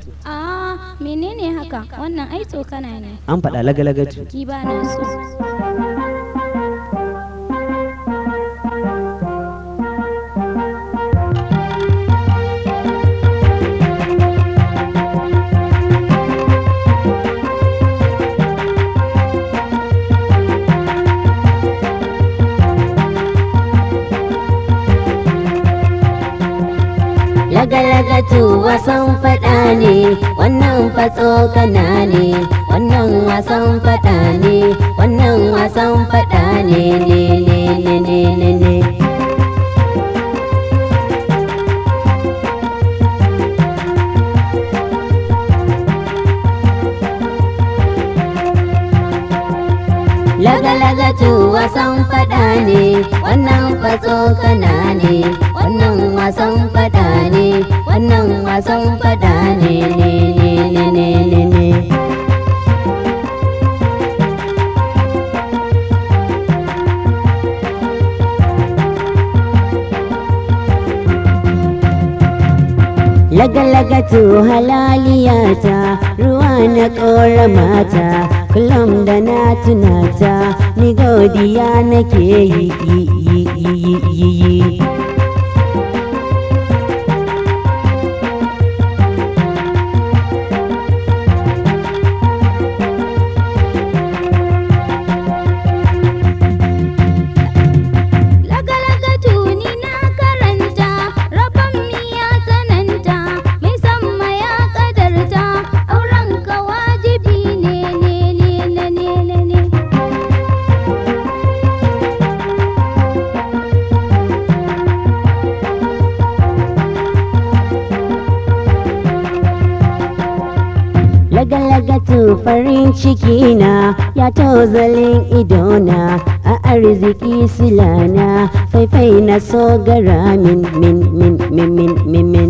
A'a ah, menene haka wannan ai tsokana ne. An faɗa lagalagatu. Ki ba Lagalagatu wasan ne wannan fatso kana ne wannan wasan fada ne wannan wasan fada ne ne ne ne ne ne ne laga wasan fada ne, wannan fatso kana ne, wannan wasan fada ne, wannan wasan fada Lagalagatu halaliyata ruwa na ƙora mata kullum da na tunata ni godiya nake yi yi yi yi yi laga-laga to farin ciki na ya tozalin idona a arziki silana faifai na so gara min min min min min min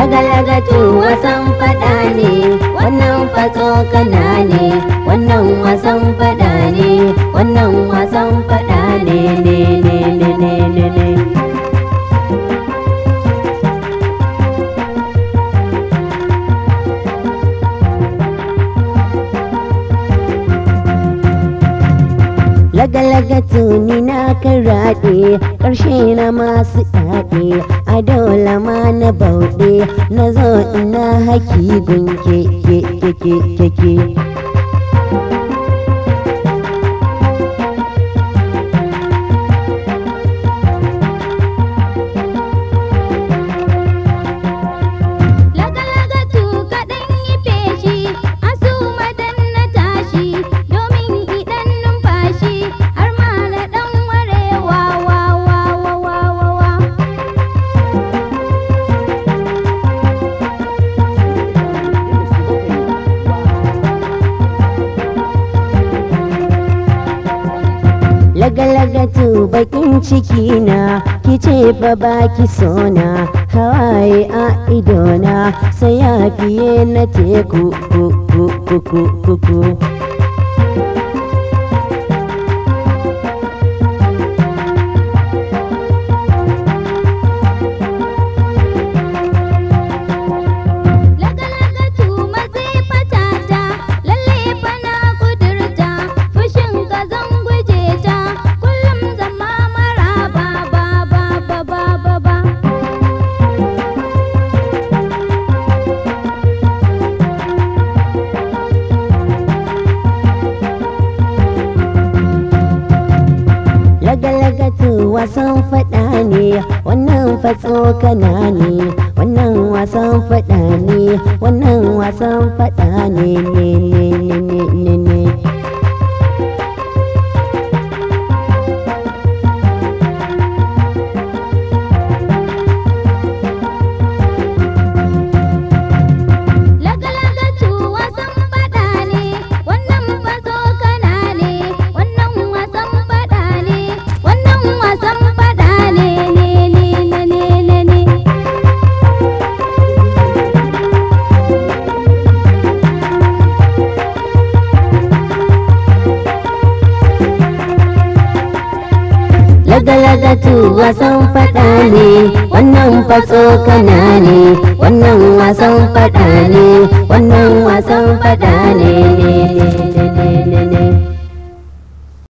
Lagalaga wasan fada ne wannan fatso kana ne wannan wasan fada ne wannan wasan fada ne laga-laga tuni na karaɗe ƙarshe na masu ɗaɗe a dole ma na bauɗe na zo ina haki gunke ke ke ke ke aikatu bakin ciki na ki ce fa ki sona hawaye a idona sai ya fiye na teku ku ku ku ku ku wasan faɗa ne wannan fatso kana ne wannan wasan faɗa ne wannan wasan faɗa ne ne ne ne ne ne wasan faɗa ne wannan faso kana ne wannan wasan faɗa ne wannan wasan faɗa ne